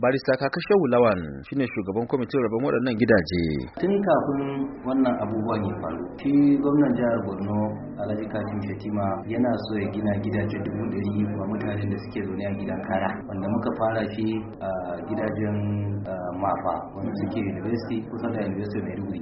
barista kaka shehu lawan shine shugaban kwamitin rabon waɗannan gidaje tun kafin wannan abubuwan ya faru shi gwamnan jihar borno alhaji kafin Fatima, yana so ya gina gidaje dubu ɗari wa mutanen da suke zaune a gidan kara wanda muka fara shi a gidajen mafa wanda suke university kusa da university maiduguri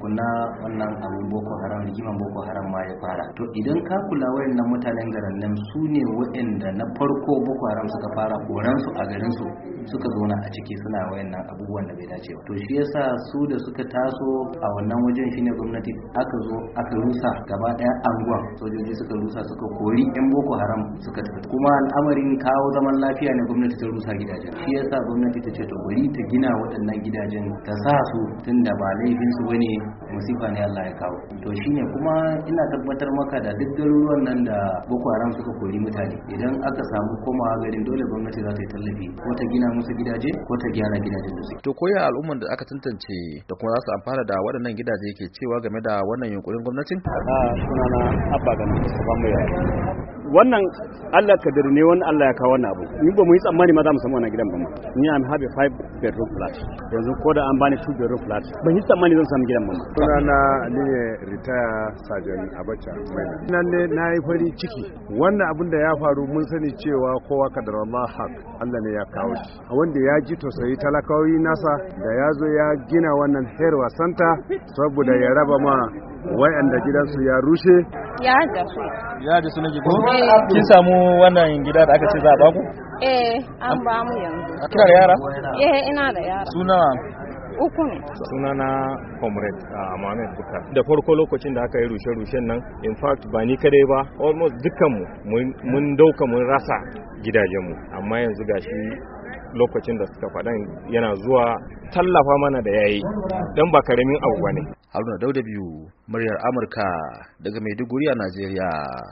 kuna wannan abu boko haram rigiman boko haram ma ya fara to idan ka kula wayannan mutanen garin nan su ne waɗanda na farko boko haram suka fara koransu a garinsu suka zauna a ciki suna wayannan abubuwan da bai dace to shi yasa su da suka taso a wannan wajen shine gwamnati aka zo aka rusa gaba daya anguwan sojoji suka rusa suka kori yan boko haram suka tafi kuma al'amarin kawo zaman lafiya ne gwamnati ta rusa gidajen shi yasa gwamnati ta ce to bari ta gina waɗannan gidajen ta sa su tunda ba laifin su bane musifa ne Allah ya kawo to shine kuma ina tabbatar maka da duk garuruwan nan da boko haram suka kori mutane idan aka samu komawa garin dole gwamnati za ta yi tallafi ko ta gina musu gidaje ko ta gyara gidajen da suke to koyar al'umman da aka tantance da kuma za su amfana da waɗannan gidaje ke cewa game da wannan yunkurin gwamnatin a sunana abba ga mai wannan Allah kadir ne wani Allah ya kawo wannan abu ni ba mu yi tsammani ma za mu samu wannan gidan ba ma ni am have a 5 bedroom flat yanzu ko da an bani 2 bedroom flat ban yi tsammani zan samu gidan ba ma sunana ni ne retire sergeant abacha mai nan ne na yi fari ciki wannan abin da ya faru mun sani cewa kowa kadar Allah hak Allah ne ya kawo shi wanda ya ji to sai talakawi nasa da ya zo ya gina wannan herwa santa saboda ya raba ma wayanda gidansu ya rushe ya su ya da su nake ko kin samu wannan gida da aka ce za a baku eh an ba mu yanzu kina da yara eh ina da yara suna uku ne suna na comrade ah, Mohamed Bukar da farko lokacin da aka yi rushe-rushen nan in fact ba ni kadai ba almost dukkanmu mun dauka mun rasa gidajenmu amma yanzu gashi lokacin da suka faɗan yana zuwa tallafa mana da yayi don ba karamin abu bane haruna dauda biyu muryar amurka daga maiduguri a najeriya